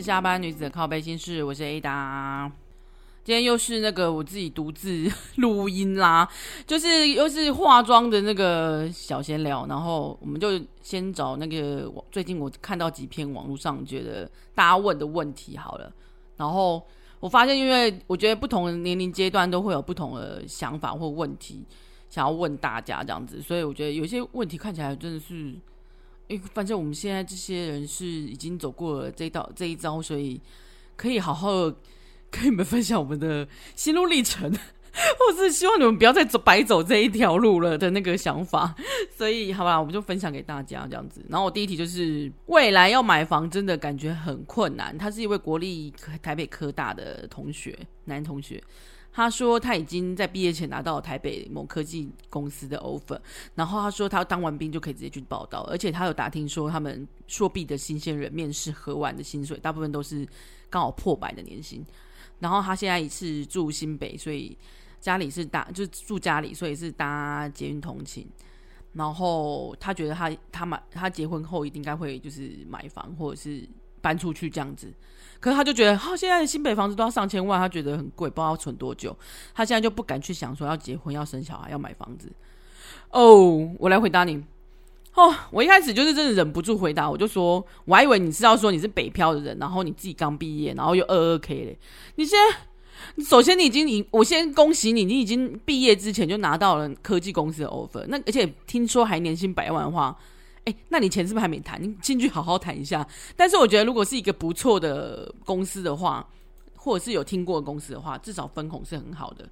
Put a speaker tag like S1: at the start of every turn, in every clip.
S1: 下班女子的靠北心事，我是 Ada。今天又是那個我自己獨自錄音啦，就是又是化妝的那個小閒聊，然後我們就先找那個最近我看到幾篇網絡上覺得大家問的問題好了，然後我發現，因為我覺得不同的年齡階段都會有不同的想法或問題想要問大家，這樣子，所以我覺得有些問題看起來真的是。哎、欸，反正我們現在這些人是已經走過了這一道，這一招，所以可以好好的跟你們分享我們的心路歷程，或是希望你們不要再走白走這一條路了的那個想法。所以，好吧，我們就分享給大家這樣子。然後，我第一題就是未來要買房，真的感覺很困難。他是一位國立台北科大的同學，男同學。他說他已經在畢業前拿到了台北某科技公司的 offer，然後他說他當完兵就可以直接去報到，而且他有打聽說他們碩畢的新鮮人面試和完的薪水，大部分都是剛好破百的年薪。然後他現在是住新北，所以家裡是搭就住家裡，所以是搭捷運通勤。然後他覺得他他買他結婚後一定該會就是買房或者是搬出去這樣子。可是他就覺得，好、哦，現在新北房子都要上千萬，他覺得很貴，不知道要存多久。他現在就不敢去想說要結婚、要生小孩、要買房子。哦、oh，我來回答你。哦，我一開始就是真的忍不住回答，我就說，我還以為你是要說你是北漂的人，然後你自己剛畢業，然後又二二 K 嘞。你現在，首先你已經，我先恭喜你，你已經畢業之前就拿到了科技公司的 offer，那而且聽說還年薪百萬的話。哎、欸，那你錢是不是還沒談？你進去好好談一下。但是我覺得，如果是一個不錯的公司的話，或者是有聽過的公司的話，至少分紅是很好的，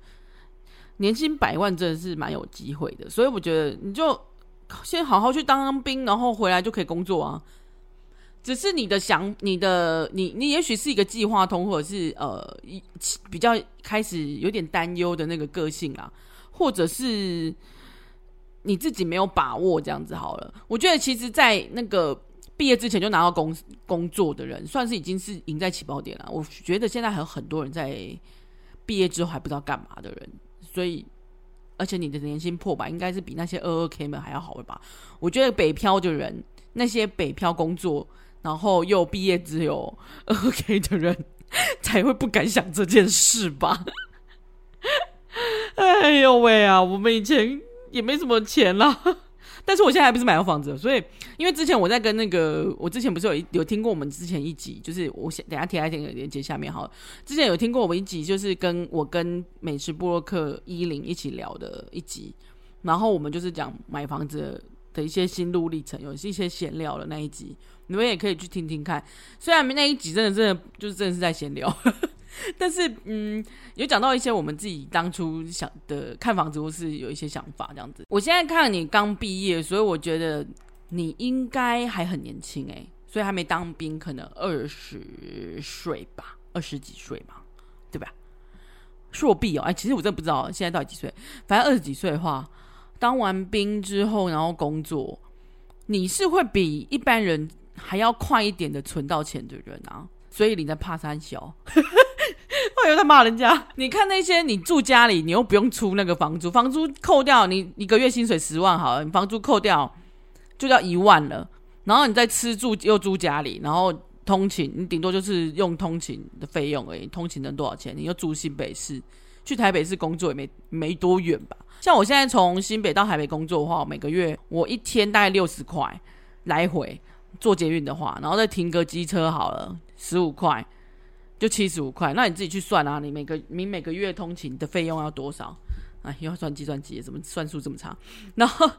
S1: 年薪百萬真的是蠻有機會的。所以我覺得你就先好好去當兵，然後回來就可以工作啊。只是你的想，你的你你，你也許是一個計劃通，或者是呃一，比較開始有點擔憂的那個個性啊，或者是。你自己沒有把握，這樣子好了。我覺得其實，在那個畢業之前就拿到工工作的人，算是已經是贏在起跑點了。我覺得現在還有很多人在畢業之後還不知道幹嘛的人，所以而且你的年薪破百，應該是比那些 22K 們還要好的吧？我覺得北漂的人，那些北漂工作，然後又畢業只有 22K 的人，才會不敢想這件事吧？ 哎呦喂啊！我們以前。也沒什麼錢啦，但是我現在還不是買到房子，所以因為之前我在跟那個，我之前不是有一有聽過我們之前一集，就是我先等一下貼在那個連結下面哈，之前有聽過我們一集，就是跟我跟美食部落客一零一起聊的一集，然後我們就是講買房子的一些心路歷程，有一些閒聊的那一集，你們也可以去聽聽看，雖然那一集真的真的就是真的是在閒聊。 但是，嗯，有講到一些我們自己當初想的看房子，或是有一些想法這樣子。我現在看你剛畢業，所以我覺得你應該還很年輕哎、欸，所以還沒當兵，可能二十歲吧，二十幾歲嘛，對吧？說我必哦，哎、欸，其實我真的不知道現在到底幾歲，反正二十幾歲的話，當完兵之後，然後工作，你是會比一般人還要快一點的存到錢的人啊，所以你在怕三小。 我有在罵人家，你看那些你住家裡，你又不用出那個房租，房租扣掉，你一個月薪水十萬好了，你房租扣掉就要一萬了，然後你再吃住又住家裡，然後通勤，你頂多就是用通勤的費用而已，通勤能多少錢？你又住新北市，去台北市工作也沒沒多遠吧？像我現在從新北到台北工作的話，我每個月我一天大概六十塊來回坐捷運的話，然後再停個機車好了，十五塊。就七十五塊，那你自己去算啊！你每個你每個月通勤的費用要多少？啊、哎，又要算計算機，怎麼算數這麼差？然後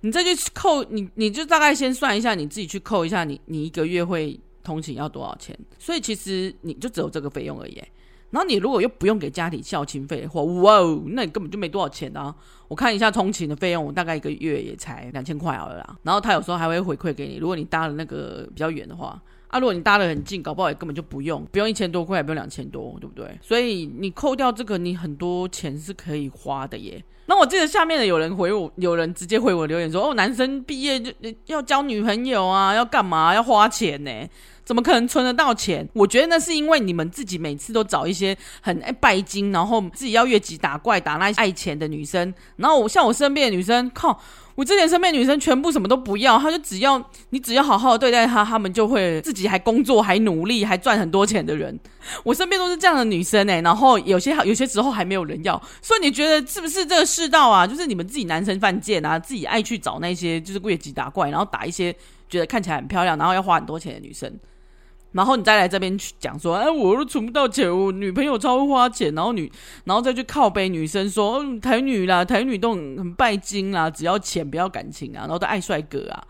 S1: 你再去扣，你你就大概先算一下，你自己去扣一下你，你你一個月會通勤要多少錢？所以其實你就只有這個費用而已，欸。然後你如果又不用給家裡孝親費的話，哇哦，那你根本就沒多少錢啊！我看一下通勤的費用，我大概一個月也才兩千塊而已。然後他有時候還會回饋給你，如果你搭了那個比較遠的話。啊，如果你搭得很近，搞不好也根本就不用，不用一千多塊，也不用兩千多，對不對？所以你扣掉這個，你很多錢是可以花的耶。那我記得下面的有人回我，有人直接回我留言說：“哦，男生畢業就要交女朋友啊，要幹嘛？要花錢呢？怎麼可能存得到錢？我覺得那是因為你們自己每次都找一些很、哎、拜金，然後自己要越級打怪，打那些愛錢的女生。然後我像我身邊的女生，靠。”我之前身邊女生全部什麼都不要，她就只要你只要好好的對待她，她們就會自己還工作還努力還賺很多錢的人。我身邊都是這樣的女生誒、欸、然後有些有些時候還沒有人要，所以你覺得是不是這個世道啊？就是你們自己男生犯賤啊，自己愛去找那些就是越級打怪，然後打一些覺得看起來很漂亮，然後要花很多錢的女生。然後你再來這邊去講說，哎，我都存不到錢，我女朋友超會花錢，然後女，然後再去靠背女生說，嗯，台女啦，台女都很拜金啦，只要錢不要感情啊，然後都愛帥哥啊，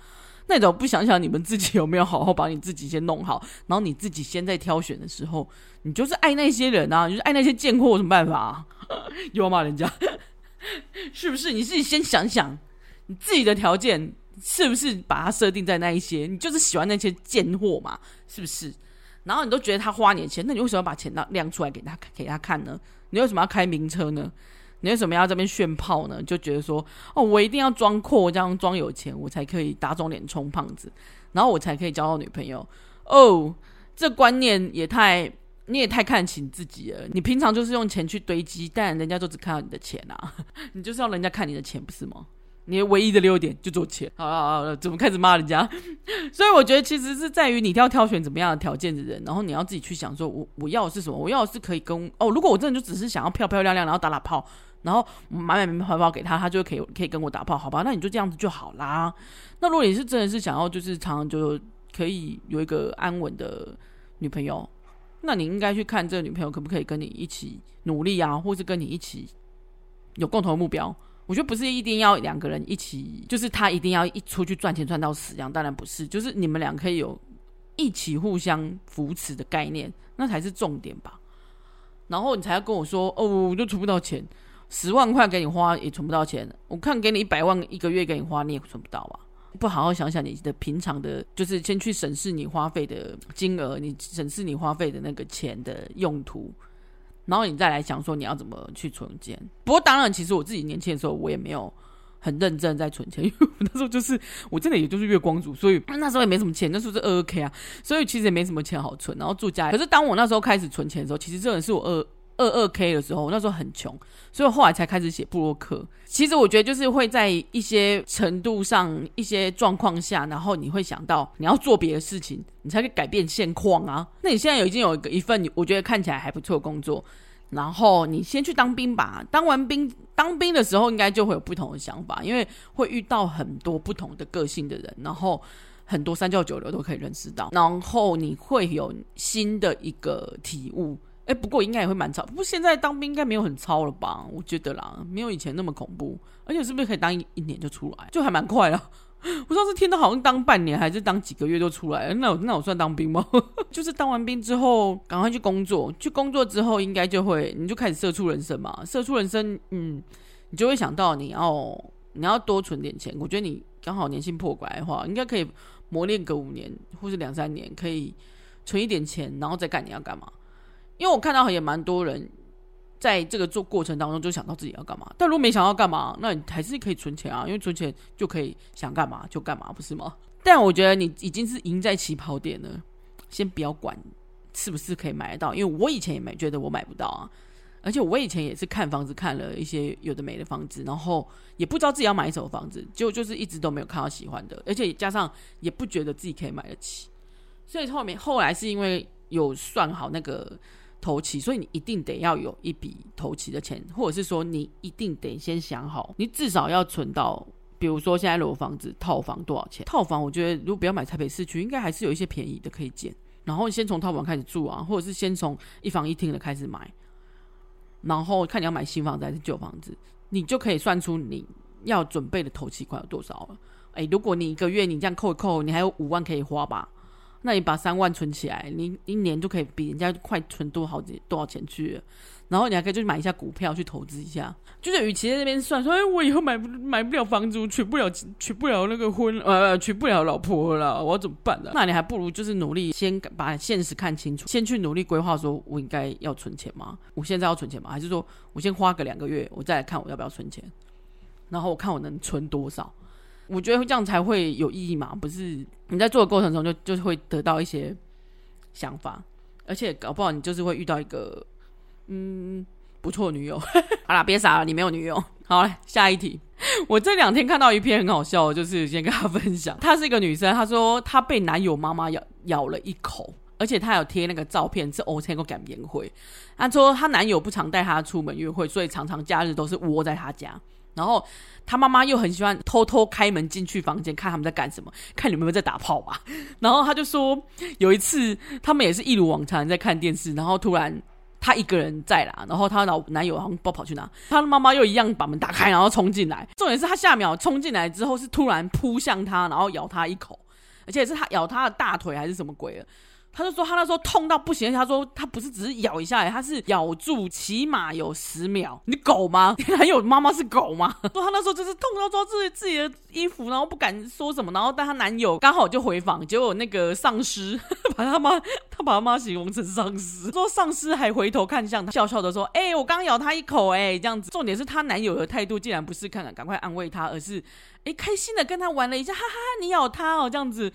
S1: 那種不想想你們自己有沒有好好把你自己先弄好，然後你自己先在挑選的時候，你就是愛那些人啊，你就是愛那些賤貨，有什麼辦法啊？又罵人家 是不是你自己先想想你自己的條件？是不是把它設定在那一些？你就是喜歡那些賤貨嘛？是不是？然後你都覺得他花你的錢，那你為什麼要把錢亮出來給他給他看呢？你為什麼要開名車呢？你為什麼要在這邊炫炮呢？就覺得說哦，我一定要裝闊，這樣裝有錢，我才可以打腫臉充胖子，然後我才可以交到女朋友。哦，這觀念也太，你也太看輕自己了。你平常就是用錢去堆積，但人家就只看到你的錢啊！ 你就是要人家看你的錢，不是嗎？你唯一的優點就賺錢，好了好好，怎麼開始罵人家？ 所以我覺得其實是在於你要挑選怎麼樣的條件的人，然後你要自己去想說，我我要的是什麼？我要的是可以跟哦，如果我真的就只是想要漂漂亮亮，然後打打炮，然後買買名牌包給他，他就可以可以跟我打炮，好吧？那你就這樣子就好啦。那如果你是真的是想要就是常常就可以有一個安穩的女朋友，那你應該去看這個女朋友可不可以跟你一起努力啊，或是跟你一起有共同目標。我覺得不是一定要兩個人一起，就是他一定要一出去賺錢賺到死一樣，當然不是，就是你們倆可以有一起互相扶持的概念，那才是重點吧。然後你才要跟我說哦，我就存不到錢，十萬塊給你花也存不到錢，我看給你一百萬一個月給你花你也存不到啊，不好好想想你的平常的，就是先去審視你花費的金額，你審視你花費的那個錢的用途。然後你再來想說你要怎麼去存錢，不過當然，其實我自己年輕的時候我也沒有很認真在存錢，因為我那時候就是我真的也就是月光族，所以那時候也沒什麼錢，那時候是二二 k 啊，所以其實也沒什麼錢好存，然後住家。可是當我那時候開始存錢的時候，其實這個人是我二。22K 的時候，那時候很窮，所以我後來才開始寫部落客。其實我覺得，就是會在一些程度上，一些狀況下，然後你會想到你要做別的事情，你才可以改變現況啊。那你現在有已經有一個一份，我覺得看起來還不錯的工作，然後你先去當兵吧。當完兵，當兵的時候應該就會有不同的想法，因為會遇到很多不同的個性的人，然後很多三教九流都可以認識到，然後你會有新的一個體悟。哎、欸，不過應該也會蠻操，不過現在當兵應該沒有很操了吧？我覺得啦，沒有以前那麼恐怖，而且是不是可以當一一年就出來，就還蠻快啊。我上次聽到好像當半年還是當幾個月就出來了，那我那我算當兵嗎？ 就是當完兵之後，趕快去工作，去工作之後應該就會你就開始社畜人生嘛，社畜人生，嗯，你就會想到你要你要多存點錢。我覺得你剛好年薪破百的話，應該可以磨練個五年或者兩三年，可以存一點錢，然後再幹你要幹嘛。因為我看到也蠻多人，在這個做過程當中就想到自己要幹嘛，但如果沒想到幹嘛，那你還是可以存錢啊，因為存錢就可以想幹嘛就幹嘛，不是嗎？但我覺得你已經是贏在起跑點了，先不要管是不是可以買得到，因為我以前也沒覺得我買不到啊，而且我以前也是看房子看了一些有的沒的房子，然後也不知道自己要買什麼房子，就就是一直都沒有看到喜歡的，而且加上也不覺得自己可以買得起，所以後面後來是因為有算好那個。頭期，所以你一定得要有一筆頭期的錢，或者是說你一定得先想好，你至少要存到，比如說現在有房子，套房多少錢？套房我覺得如果不要買台北市區，應該還是有一些便宜的可以撿。然後先從套房開始住啊，或者是先從一房一廳的開始買，然後看你要買新房子還是舊房子，你就可以算出你要準備的頭期款有多少了。哎，如果你一個月你這樣扣一扣，你還有五萬可以花吧？那你把三萬存起來，你一年就可以比人家快存多好幾多少錢去了，然後你還可以去買一下股票去投資一下。就是與其在那邊算說，哎，我以後買不買不了房子，娶不了娶不了那個婚，呃，娶不了老婆了啦，我要怎麼辦呢？那你還不如就是努力先把現實看清楚，先去努力規劃，說我應該要存錢嗎？我現在要存錢嗎？還是說我先花個兩個月，我再來看我要不要存錢，然後我看我能存多少。我覺得這樣才會有意義嘛，不是？你在做的過程中就就是會得到一些想法，而且搞不好你就是會遇到一個嗯不錯的女友。 好啦，別傻了，你沒有女友。好了，下一題。 我這兩天看到一篇很好笑，就是先跟她分享。她是一個女生，她說她被男友媽媽咬咬了一口，而且她有貼那個照片，是歐菜哥改言回。她說她男友不常帶她出門約會，所以常常假日都是窩在她家。然後，他媽媽又很喜歡偷偷開門進去房間看他們在幹什麼，看你們有沒有在打炮吧。然後他就說，有一次他們也是一如往常在看電視，然後突然他一個人在啦，然後他老男友好像不知道跑去哪，他的媽媽又一樣把門打開，然後衝進來。重點是他下秒衝進來之後是突然撲向他，然後咬他一口，而且是他咬他的大腿還是什麼鬼的。他就說他那時候痛到不行，而且他說他不是只是咬一下，哎，他是咬住起碼有十秒。你狗嗎？你男友媽媽是狗嗎？說他那時候就是痛到抓自自己的衣服，然後不敢說什麼，然後但他男友剛好就回房，結果有那個喪屍把他媽他把他媽形容成喪屍，說喪屍還回頭看向他，笑笑的說：“哎，我剛咬他一口，哎，這樣子。”重點是他男友的態度竟然不是看看趕快安慰他，而是哎，開心的跟他玩了一下，哈哈哈！你咬他哦，這樣子。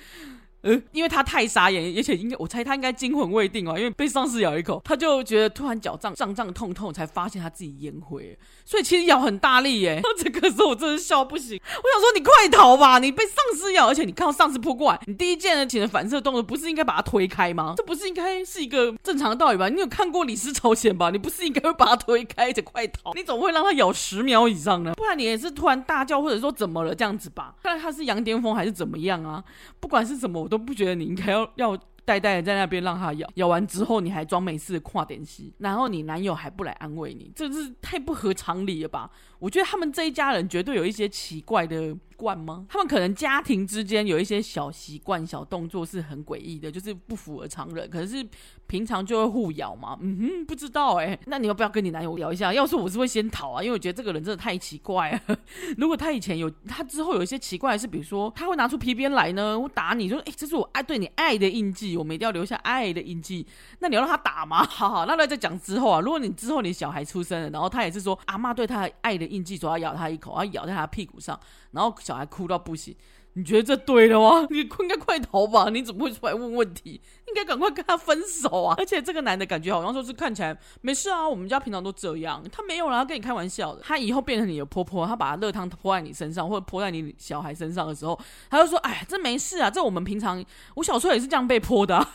S1: 呃、欸，因為他太傻眼，而且應該我猜他應該驚魂未定啊，因為被喪屍咬一口，他就覺得突然腳脹脹脹痛痛，才發現他自己煙灰，所以其實咬很大力耶、欸。這個時候我真的笑不行，我想說你快逃吧，你被喪屍咬，而且你看到喪屍撲過來，你第一件事情的反射動作不是應該把它推開嗎？這不是應該是一個正常的道理吧？你有看過李屍朝鮮吧？你不是應該會把它推開，而且快逃？你總會讓它咬十秒以上的，不然你也是突然大叫或者說怎麼了這樣子吧？看來他是羊癲瘋還是怎麼樣啊？不管是什麼，都不覺得你應該要要呆呆的在那邊讓他咬，咬完之後你還裝沒事的跨點戲，然後你男友還不來安慰你，這是太不合常理了吧？我覺得他們這一家人絕對有一些奇怪的。慣嗎？他們可能家庭之間有一些小習慣、小動作是很詭異的，就是不符合常人。可是平常就會互咬嘛。嗯哼，不知道欸。那你要不要跟你男友聊一下？要是，我是會先逃啊，因為我覺得這個人真的太奇怪了。 如果他以前有，他之後有一些奇怪，是比如說他會拿出皮鞭來呢，我打你說，欸，這是我愛對你愛的印記，我們一定要留下愛的印記。那你要讓他打嗎？好好，那再再講之後啊。如果你之後你小孩出生了，然後他也是說阿媽對他愛的印記，說要咬他一口，要咬在他屁股上。然後小孩哭到不行，你覺得這對的哇？你哭應該快逃吧，你怎麼會出來問問題？應該趕快跟他分手啊！而且這個男的感覺好像說是看起來沒事啊，我們家平常都這樣。他沒有啦、啊，他跟你開玩笑的。他以後變成你的婆婆，他把熱湯潑在你身上或者潑在你小孩身上的時候，他就說：“哎，這沒事啊，這我們平常，我小時候也是這樣被潑的、啊。”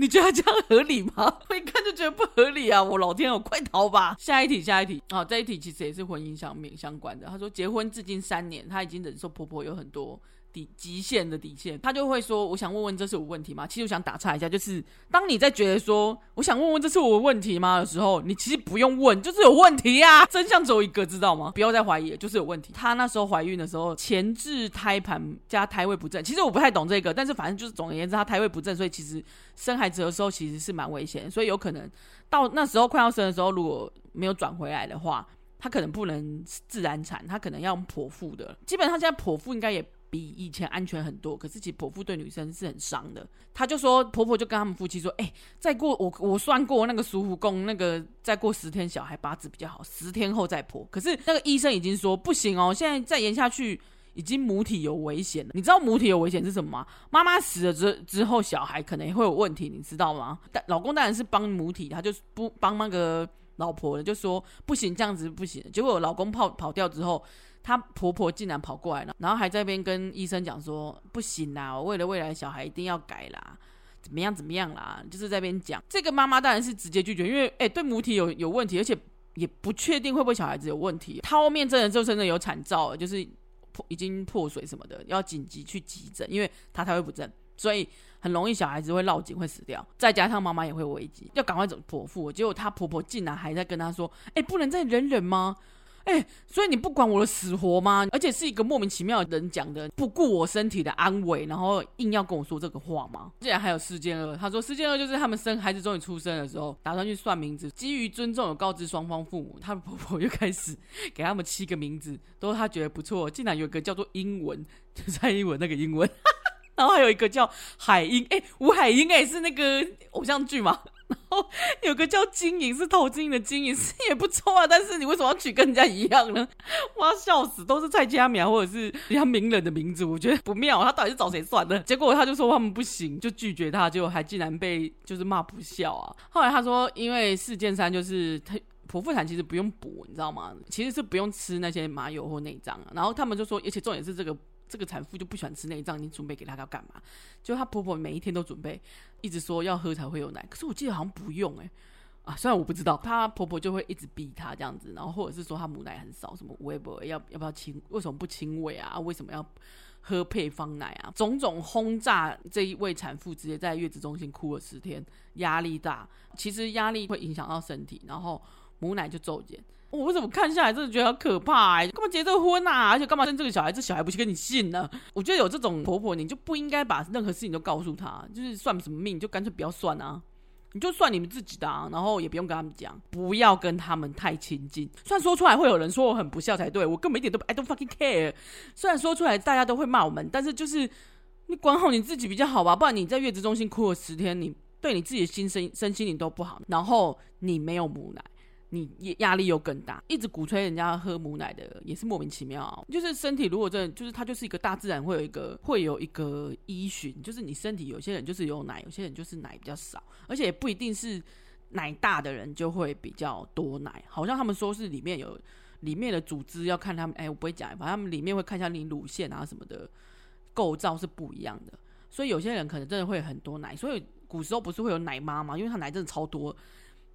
S1: 你覺得這樣合理嗎？我一看就覺得不合理啊！我老天哦、啊，我快逃吧！下一題，下一題啊、哦！這一題其實也是婚姻上面相關的。他說結婚至今三年，他已經忍受婆婆有很多，底極限的底線，他就會說：“我想問問，這是我問題嗎？”其實我想打岔一下，就是當你在覺得說“我想問問，這是我問題嗎”的時候，你其實不用問，就是有問題呀、啊。真相只有一個，知道嗎？不要再懷疑，就是有問題。她那時候懷孕的時候，前置胎盤加胎位不正，其實我不太懂這個，但是反正就是總而言之，她胎位不正，所以其實生孩子的時候其實是蠻危險，所以有可能到那時候快要生的時候，如果沒有轉回來的話，她可能不能自然產，她可能要剖腹的。基本上她現在剖腹應該也。比以前安全很多，可是其實婆婆對女生是很傷的。她就說婆婆就跟他們夫妻說：“哎、欸，再過我我算過那個叔虎公，那個，再過十天小孩八字比較好，十天後再剖。”可是那個醫生已經說不行哦，現在再延下去已經母體有危險了。你知道母體有危險是什麼嗎？媽媽死了之之後，小孩可能會有問題，你知道嗎？但老公當然是幫母體，他就不幫那個老婆了，就說不行，這樣子不行。結果我老公跑跑掉之後。她婆婆竟然跑過來了，然後還在那邊跟醫生講說：“不行啦，我為了未來小孩一定要改啦，怎麼樣怎麼樣啦，就是在那邊講。”這個媽媽當然是直接拒絕，因為哎，對母體有有問題，而且也不確定會不會小孩子有問題。她後面真的就真的有產兆，就是破已經破水什麼的，要緊急去急診，因為她胎位不正，所以很容易小孩子會繞頸，會死掉，再加上媽媽也會危急，要趕快剖腹，結果她婆婆竟然還在跟她說：“哎，不能再忍忍嗎？”哎、欸，所以你不管我的死活嗎？而且是一個莫名其妙的人講的，不顧我身體的安危，然後硬要跟我說這個話嗎？竟然還有事件二，他說事件二就是他們生孩子終於出生的時候，打算去算名字，基於尊重，有告知雙方父母，他們婆婆就開始給他們七個名字，都他覺得不錯，竟然有一個叫做英文，就算英文那個英文， 然後還有一個叫海英，哎、欸，吳海英，哎，是那個偶像劇嗎？然後有個叫金銀，是投金銀的金銀，是也不錯啊。但是你為什麼要取跟人家一樣呢？我要笑死，都是蔡家苗或者是其他名人的名字，我覺得不妙。他到底是找誰算的？結果他就說他們不行，就拒絕他，就還竟然被就是罵不孝啊。後來他說，因為四件三就是他剖腹產，其實不用補，你知道嗎？其實是不用吃那些麻油或內臟啊。然後他們就說，而且重點是這個這個產婦就不喜歡吃內臟，你準備給她要幹嘛？就她婆婆每一天都準備。一直說要喝才會有奶，可是我記得好像不用哎、欸，啊，雖然我不知道，她婆婆就會一直逼她這樣子，然後或者是說她母奶很少，什麼 w、欸、不欸要要不要親，為什麼不親餵啊？為什麼要喝配方奶啊？種種轟炸這一位產婦，直接在月子中心哭了十天，壓力大，其實壓力會影響到身體，然後母奶就驟減。我為什麼看下來真的覺得好可怕、欸？幹嘛結這個婚啊？而且幹嘛生這個小孩？這小孩不去跟你姓呢、啊？我覺得有這種婆婆，你就不應該把任何事情都告訴她。就是算什麼命，你就乾脆不要算啊！你就算你們自己的，啊，然後也不用跟他們講，不要跟他們太親近。雖然說出來會有人說我很不孝才對，我根本一點都不，I don't fucking care。雖然說出來大家都會罵我們，但是就是你管好你自己比較好吧。不然你在月子中心哭了十天，你對你自己的心身身心你都不好，然後你沒有母奶。你也壓力又更大，一直鼓吹人家喝母奶的也是莫名其妙哦。就是身體如果真的，就是它就是一個大自然會有一個會有一個依循，就是你身體有些人就是有奶，有些人就是奶比較少，而且也不一定是奶大的人就會比較多奶。好像他們說是裡面有裡面的組織要看他們，哎，我不會講，反正他們裡面會看一下你乳腺啊什麼的構造是不一樣的，所以有些人可能真的會很多奶。所以古時候不是會有奶媽嗎？因為他奶真的超多。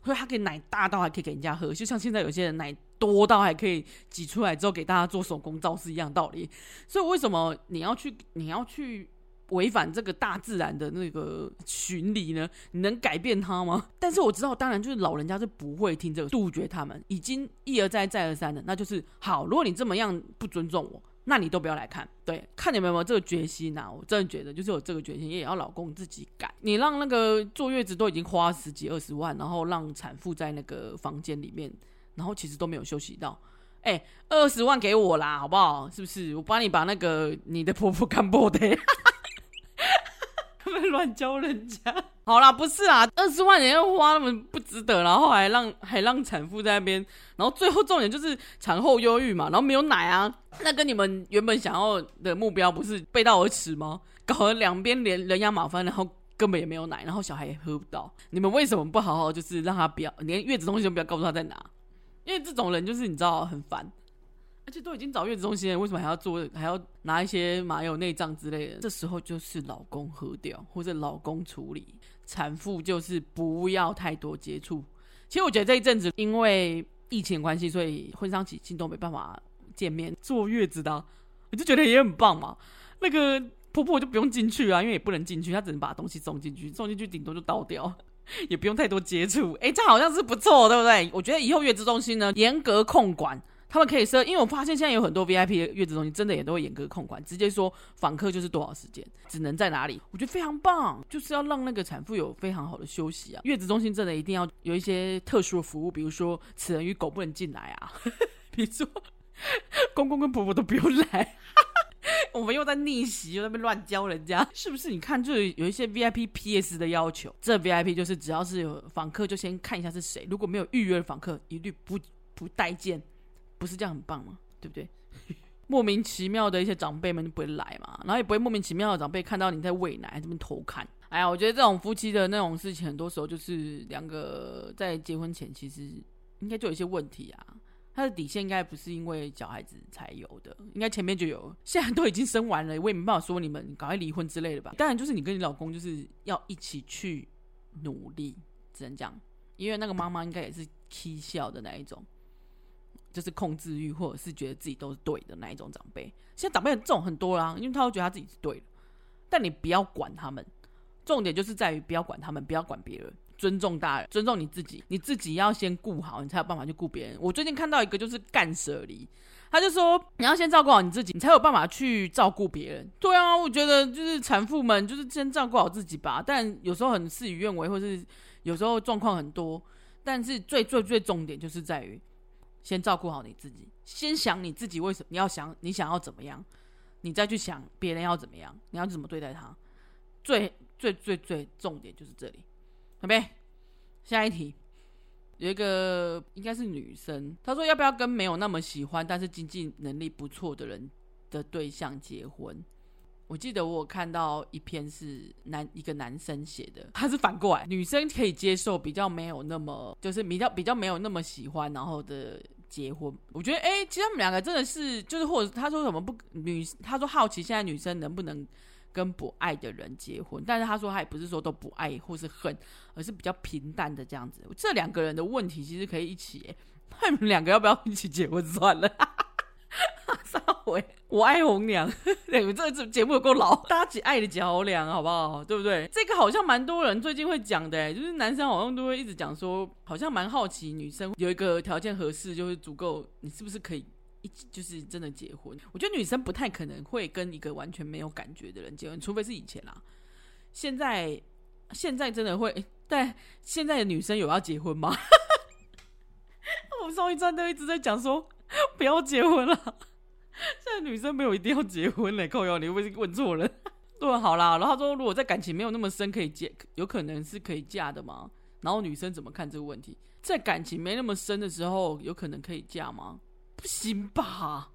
S1: 所以他給奶大到還可以給人家喝，就像現在有些人奶多到還可以擠出來之後給大家做手工皂是一樣的道理。所以為什麼你要去你要去違反這個大自然的那個循理呢？你能改變它嗎？但是我知道，當然就是老人家是不會聽這個，杜絕他們已經一而再再而三的，那就是好。如果你這麼樣不尊重我。那你都不要來看，對，看你們有沒有這個決心呢、啊，我真的覺得就是有這個決心，也要老公自己改。你讓那個坐月子都已經花十幾二十萬，然後讓產婦在那個房間裡面，然後其實都沒有休息到。哎、欸，二十萬給我啦，好不好？是不是？我幫你把那個你的婆婆幹破的，他們亂教人家。好啦，不是啦，二十萬人要花那麼不值得，然後還讓還讓產婦在那邊，然後最後重點就是產後憂鬱嘛，然後沒有奶啊，那跟你們原本想要的目標不是背道而馳嗎？搞了兩邊連人仰馬翻，然後根本也沒有奶，然後小孩也喝不到，你們為什麼不好好就是讓他不要連月子中心都不要告訴他在哪？因為這種人就是你知道很煩，而且都已經找月子中心了，為什麼還要做還要拿一些麻油內臟之類的？這時候就是老公喝掉或者老公處理。產婦就是不要太多接觸。其實我覺得這一陣子因為疫情關係，所以婚喪喜慶都沒辦法見面。坐月子的啊，我就覺得也很棒嘛。那個婆婆就不用進去啊，因為也不能進去，她只能把東西送進去，送進去頂多就倒掉，也不用太多接觸。欸，這樣好像是不錯，對不對？我覺得以後月子中心呢，嚴格控管。他們可以設，因為我發現現在有很多 VIP 的月子中心真的也都會嚴格控管，直接說訪客就是多少時間，只能在哪裡。我覺得非常棒，就是要讓那個產婦有非常好的休息啊。月子中心真的一定要有一些特殊的服務，比如說此人與狗不能進來啊， 比如說公公跟婆婆都不用來。 我們又在逆襲，又在那邊亂教人家，是不是？你看，就有一些 VIP PS 的要求，這 VIP 就是只要是有訪客，就先看一下是誰，如果沒有預約的訪客，一律不不待見。不是這樣很棒嗎？對不對？ 莫名其妙的一些長輩們就不會來嘛，然後也不會莫名其妙的長輩看到你在餵奶，還這麼偷看。哎呀，我覺得這種夫妻的那種事情，很多時候就是兩個在結婚前其實應該就有一些問題啊。他的底線應該不是因為小孩子才有的，應該前面就有。現在都已經生完了，我也沒辦法說你們你趕快離婚之類的吧。當然，就是你跟你老公就是要一起去努力，只能講，因為那個媽媽應該也是妻笑的那一種。就是控制欲，或者是覺得自己都是對的那一種長輩。現在長輩很重很多啦、啊，因為他會覺得他自己是對的。但你不要管他們，重點就是在於不要管他們，不要管別人，尊重大人，尊重你自己，你自己要先顧好，你才有辦法去顧別人。我最近看到一個就是幹捨離，他就說你要先照顧好你自己，你才有辦法去照顧別人。對啊，我覺得就是產婦們就是先照顧好自己吧。但有時候很事與願違，或是有時候狀況很多，但是最最最重點就是在於。先照顧好你自己，先想你自己為什麼你要想你想要怎麼樣，你再去想別人要怎麼樣，你要怎麼對待他，最最最最重點就是這裡，好、okay? 準備下一題。有一個應該是女生，她說要不要跟沒有那麼喜歡但是經濟能力不錯的人的對象結婚？我記得我看到一篇是男一個男生寫的，他是反過來，女生可以接受比較沒有那麼就是比較比較沒有那麼喜歡，然後的。結婚，我覺得誒、欸，其實他們兩個真的是，就是或者他說什麼不女，他說好奇現在女生能不能跟不愛的人結婚，但是他說他也不是說都不愛或是恨，而是比較平淡的這樣子。這兩個人的問題其實可以一起，誒，那你們兩個要不要一起結婚算了？哈 s o 回我愛紅娘，對，我這次節目有夠老，搭起。 愛的橋樑，好不好？對不對？這個好像蠻多人最近會講的、欸，就是男生好像都會一直講說，好像蠻好奇女生有一個條件合適，就是足夠，你是不是可以一起，就是真的結婚？我覺得女生不太可能會跟一個完全沒有感覺的人結婚，除非是以前啦。現在現在真的會、欸，但現在的女生有要結婚嗎？ 我們上一段都一直在講說。不要結婚了，現在女生沒有一定要結婚嘞。靠腰，你問錯人，對，好啦。然後他說，如果在感情沒有那麼深，可以結，有可能是可以嫁的嗎？然後女生怎麼看這個問題？在感情沒那麼深的時候，有可能可以嫁嗎？不行吧？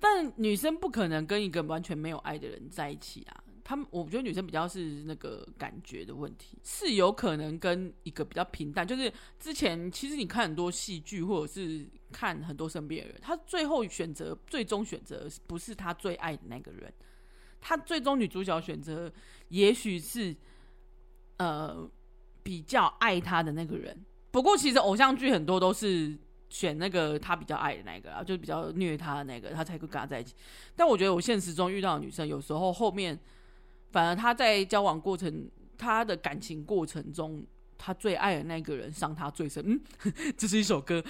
S1: 但女生不可能跟一個完全沒有愛的人在一起啊。他們，我覺得女生比較是那個感覺的問題，是有可能跟一個比較平淡，就是之前其實你看很多戲劇，或者是看很多身邊的人，他最後選擇，最終選擇不是他最愛的那個人，他最終女主角選擇也許是呃比較愛他的那個人。不過其實偶像劇很多都是選那個他比較愛的那個啊，就比較虐他的那個，他才會跟他在一起。但我覺得我現實中遇到的女生，有時候後面。反而他在交往過程，他的感情過程中，他最愛的那個人傷他最深。嗯， 這是一首歌，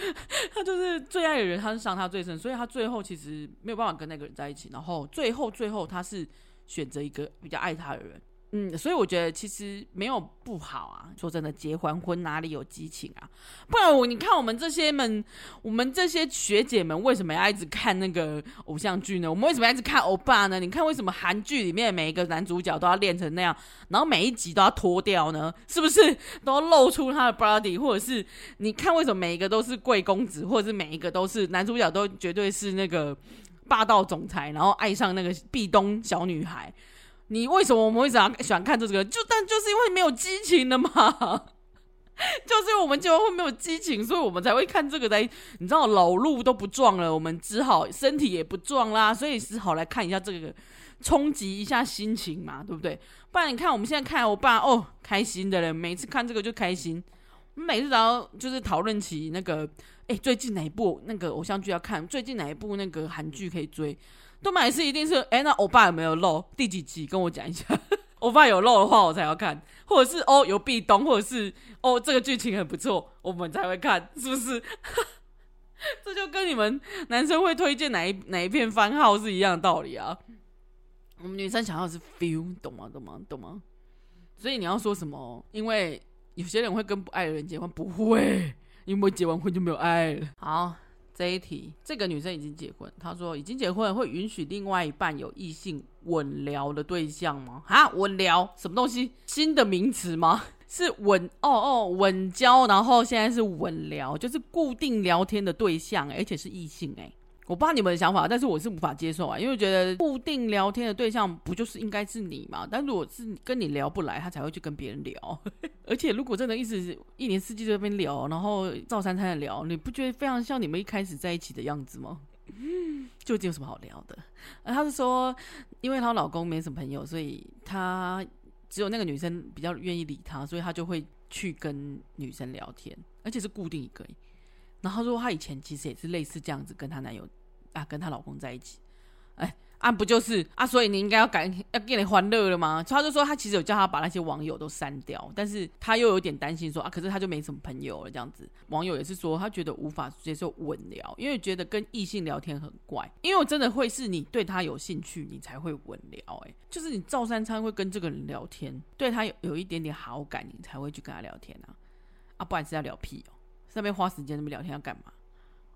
S1: 他就是最愛的人，他是傷他最深，所以他最後其實沒有辦法跟那個人在一起。然後最後最後，他是選擇一個比較愛他的人。嗯，所以我覺得其實沒有不好啊。說真的，結完婚哪裡有激情啊？不然我你看我們這些們，我們這些學姐們為什麼要一直看那個偶像劇呢？我們為什麼要一直看歐巴呢？你看為什麼韓劇裡面每一個男主角都要練成那樣，然後每一集都要脫掉呢？是不是都露出他的 body？或者是你看為什麼每一個都是貴公子，或者是每一個都是男主角都絕對是那個霸道總裁，然後愛上那個壁咚小女孩？你為什麼我們會想喜歡看這個？就但就是因為沒有激情的嘛， 就是因為我們就會沒有激情，所以我們才會看這個。在你知道老路都不撞了，我們只好身體也不撞啦，所以只好來看一下這個，衝擊一下心情嘛，對不對？不然你看我們現在看歐巴哦，開心的嘞！每次看這個就開心，我們每次然後就是討論起那個，誒、欸，最近哪一部那個偶像劇要看？最近哪一部那個韓劇可以追？都買是一定是，哎、欸，那歐巴有沒有露？第幾集跟我講一下。歐 巴有露的話，我才要看。或者是哦有壁咚，或者是哦這個劇情很不錯，我們才會看，是不是？ 這就跟你們男生會推薦哪一哪一片番號是一樣的道理啊。我們女生想要的是 feel，懂嗎？懂嗎？懂嗎？所以你要說什麼？因為有些人會跟不愛的人結婚，不會，因為結完婚就沒有愛了。好。這一題，這個女生已經結婚，她說已經結婚了，會允許另外一半有異性穩聊的對象嗎？哈，穩聊什麼東西？新的名詞嗎？是穩，哦哦，穩交，然後現在是穩聊，就是固定聊天的對象，而且是異性哎。我不知道你們的想法，但是我是無法接受啊，因為我覺得固定聊天的對象不就是應該是你嘛，但如果是跟你聊不來，他才會去跟別人聊。 而且如果真的一直是，一年四季都在那邊聊，然後照三餐的聊，你不覺得非常像你們一開始在一起的樣子嗎？究 竟有什麼好聊的？她是說，因為她老公沒什麼朋友，所以她只有那個女生比較願意理她，所以她就會去跟女生聊天，而且是固定一個人。然後他說她以前其實也是類似這樣子跟她男友。啊、跟她老公在一起，哎、欸，啊，不就是啊？所以你應該要改，要給你歡樂了嗎？所以他就說他其實有叫他把那些網友都刪掉，但是他又有點擔心說啊，可是他就沒什麼朋友了，這樣子。網友也是說他覺得無法接受穩聊，因為覺得跟異性聊天很怪。因為我真的會是你對他有興趣，你才會穩聊、欸。哎，就是你照三餐會跟這個人聊天，對他有有一點點好感，你才會去跟他聊天啊。啊，不然是要聊屁哦、喔？是在那邊花時間在那邊聊天要幹嘛？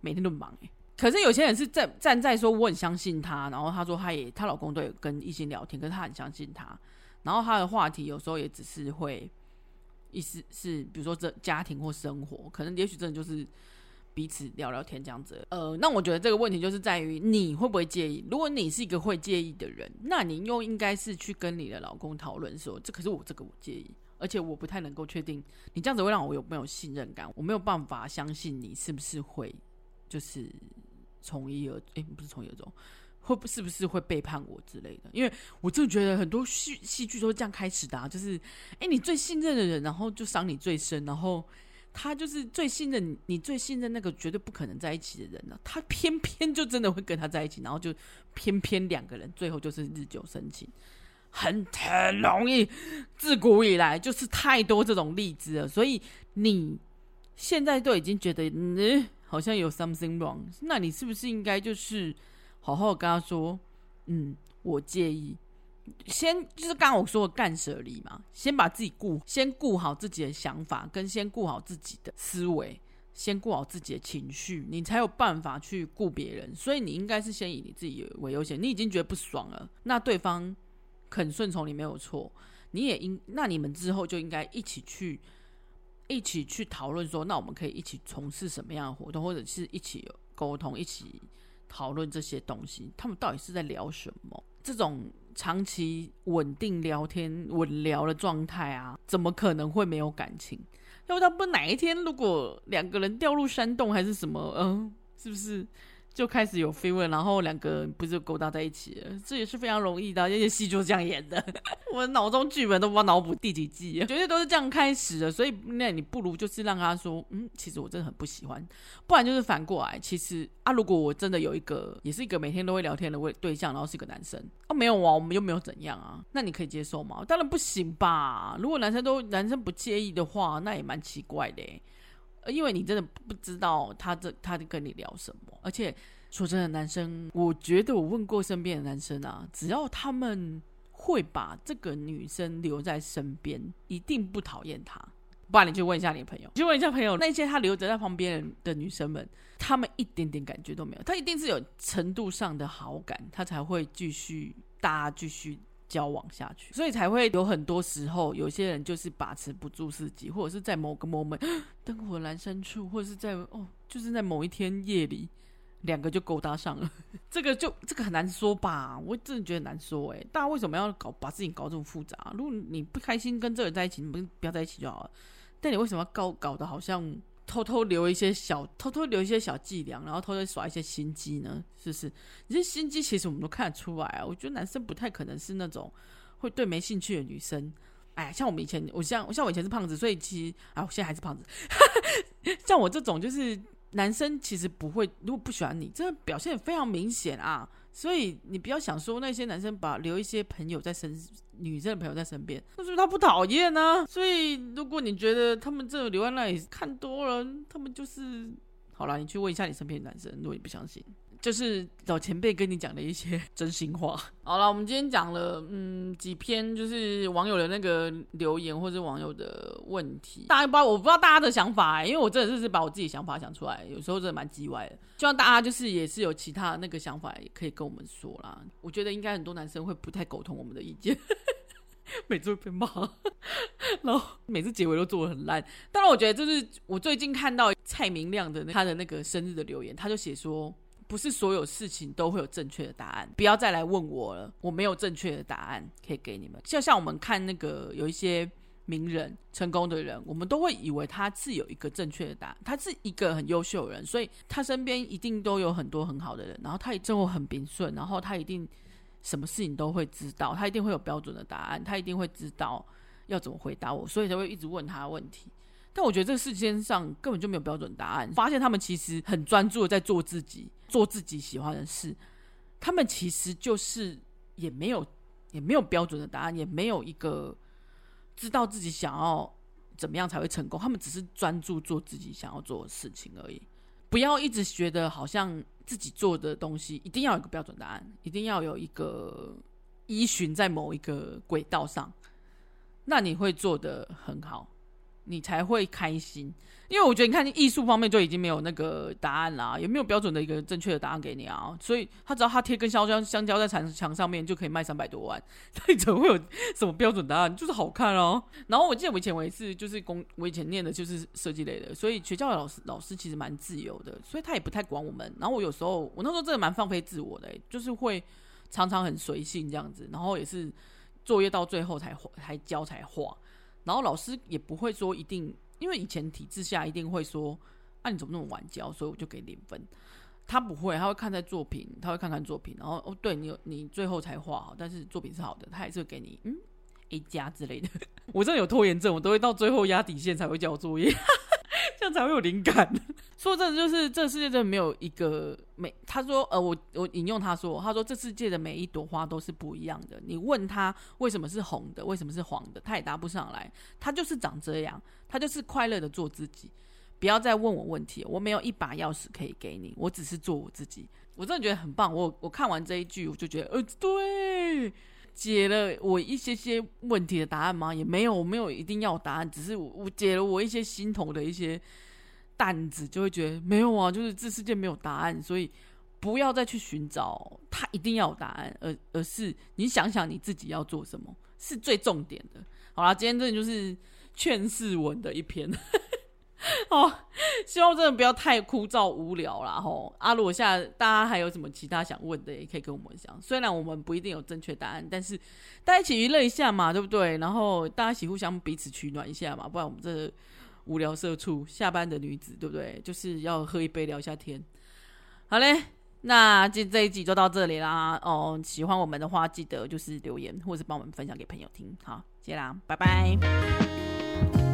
S1: 每天都忙哎、欸。可是有些人是站站在說我很相信他，然後他說他也他老公都有跟異性聊天，可是他很相信他，然後他的話題有時候也只是會，意思是比如說這家庭或生活，可能也許真的就是彼此聊聊天這樣子。呃，那我覺得這個問題就是在於你會不會介意？如果你是一個會介意的人，那你又應該是去跟你的老公討論說，這可是我這個我介意，而且我不太能夠確定你這樣子會讓我有沒有信任感，我沒有辦法相信你是不是會就是。從一而哎、欸，不是從一而終，會不是不是會背叛我之類的？因為我真覺得很多戲戲劇都是這樣開始的，啊，就是哎、欸，你最信任的人，然後就傷你最深，然後他就是最信任你，最信任那個絕對不可能在一起的人，啊，他偏偏就真的會跟他在一起，然後就偏偏兩個人最後就是日久生情很，很容易，自古以來就是太多這種例子了，所以你現在都已經覺得嗯，好像有 something wrong，那你是不是應該就是好好跟他說，嗯，我介意，先就是剛剛我說的幹捨離嘛，先把自己顧，先顧好自己的想法，跟先顧好自己的思維，先顧好自己的情緒，你才有辦法去顧別人。所以你應該是先以你自己為優先，你已經覺得不爽了，那對方肯順從你沒有錯，你也應，那你們之後就應該一起去。一起去討論說，那我們可以一起從事什麼樣的活動，或者是一起溝通、一起討論這些東西。他們到底是在聊什麼？這種長期穩定聊天、穩聊的狀態啊，怎麼可能會沒有感情？要不他不哪一天，如果兩個人掉入山洞還是什麼，嗯、呃，是不是？就開始有緋聞，然後兩個人不是勾搭在一起了？這也是非常容易的，因為戲就是這樣演的。 我腦中劇本都不知道腦補第幾季，絕對都是這樣開始的。所以，那你不如就是讓他說，嗯，其實我真的很不喜歡。不然就是反過來，其實啊，如果我真的有一個，也是一個每天都會聊天的穩聊對象，然後是一個男生啊，沒有啊，我們又沒有怎樣啊，那你可以接受嗎？當然不行吧。如果男生都男生不介意的話，那也蠻奇怪的、欸。因為你真的不知道他這他跟你聊什麼，而且說真的，男生，我覺得我問過身邊的男生啊，只要他們會把這個女生留在身邊，一定不討厭他。不然你去問一下你的朋友，你去問一下朋友，那些他留着在旁邊的女生們，他們一點點感覺都沒有，他一定是有程度上的好感，他才會繼續搭，繼續。交往下去，所以才會有很多時候，有些人就是把持不住自己，或者是在某個 moment 燈火闌珊處，或者是在哦，就是在某一天夜裡，兩個就勾搭上了。這個就這個很難說吧，我真的覺得難說哎、欸。大家為什麼要搞把自己搞這麼複雜？如果你不開心跟這個人在一起，你不不要在一起就好了。但你為什麼要搞搞得好像？偷偷留一些小，偷偷留一些小伎倆，然後偷偷耍一些心機呢，是不是？你這心機其實我們都看得出來啊。我覺得男生不太可能是那種會對沒興趣的女生，哎，像我們以前，我像像我以前是胖子，所以其實啊，我現在還是胖子。 像我這種就是男生，其實不會，如果不喜歡你，這個表現也非常明顯啊。所以你不要想說那些男生把留一些朋友在身，女生的朋友在身邊，那是不是他不討厭啊。所以如果你覺得他們這個流安賴看多了，他們就是好啦，你去問一下你身邊的男生，如果你不相信。就是老前輩跟你講的一些真心話。好了，我們今天講了，嗯，幾篇就是網友的那個留言或者網友的問題。大家不知道，我不知道大家的想法、欸，因為我真的就是把我自己想法講出來，有時候真的蠻機歪的。希望大家就是也是有其他那個想法，也可以跟我們說啦。我覺得應該很多男生會不太苟同我們的意見， 每次會被罵，然後每次結尾都做的很爛。當然，我覺得就是我最近看到蔡明亮的、那個、他的那個生日的留言，他就寫說。不是所有事情都會有正確的答案，不要再來問我了，我沒有正確的答案可以給你們。就像我們看那個有一些名人、成功的人，我們都會以為他是有一個正確的答案，他是一個很優秀的人，所以他身邊一定都有很多很好的人，然後他也生活很平順，然後他一定什麼事情都會知道，他一定會有標準的答案，他一定會知道要怎麼回答我，所以才會一直問他的問題。但我覺得這個世間上根本就沒有標準答案。發現他們其實很專注的在做自己，做自己喜歡的事。他們其實就是也沒有也沒有標準的答案，也沒有一個知道自己想要怎麼樣才會成功。他們只是專注做自己想要做的事情而已。不要一直覺得好像自己做的東西一定要有個標準答案，一定要有一個依循在某一個軌道上，那你會做得很好。你才會開心，因為我覺得你看藝術方面就已經沒有那個答案啦，也沒有標準的一個正確的答案給你啊，所以他只要他貼根香蕉，香蕉在牆上面就可以賣三百多萬，那怎麼會有什麼標準答案？就是好看哦。然後我記得我以前我也是，就是工，我以前念的就是設計類的，所以學校的老師老師其實蠻自由的，所以他也不太管我們。然後我有時候我那時候真的蠻放飛自我的、欸，就是會常常很隨性這樣子，然後也是作業到最後才才交才畫。然後老師也不會說一定，因為以前體制下一定會說，啊你怎麼那麼晚交？所以我就給零分。他不會，他會看在作品，他會看看作品，然後哦，對你有你最後才畫好，但是作品是好的，他還是會給你嗯 A 加之類的。我真的有拖延症，我都會到最後壓底線才會交作業， 這樣才會有靈感。說真的，就是這個世界真的沒有一個每他說，呃，我我引用他說，他說，這世界的每一朵花都是不一樣的。你問他為什麼是紅的，為什麼是黃的，他也答不上來。他就是長這樣，他就是快樂的做自己。不要再問我問題，我沒有一把鑰匙可以給你，我只是做我自己。我真的覺得很棒。我我看完這一句，我就覺得，呃，對，解了我一些些問題的答案嗎？也沒有，我沒有一定要答案，只是我我解了我一些心頭的一些。擔子就會覺得沒有啊，就是這世界沒有答案，所以不要再去尋找，它一定要有答案，而而是你想想你自己要做什麼是最重點的。好啦，今天這就是勸世文的一篇， 好，希望真的不要太枯燥無聊啦吼。阿、啊、如果下大家還有什麼其他想問的，也可以跟我們講。雖然我們不一定有正確答案，但是大家一起娛樂一下嘛，對不對？然後大家一起互相彼此取暖一下嘛，不然我們這。無聊社畜，下班的女子，對不對？就是要喝一杯，聊一下天。好嘞，那就這一集就到這裡啦。哦，喜歡我們的話，記得就是留言，或者是幫我們分享給朋友聽。好，謝啦，拜拜。嗯嗯嗯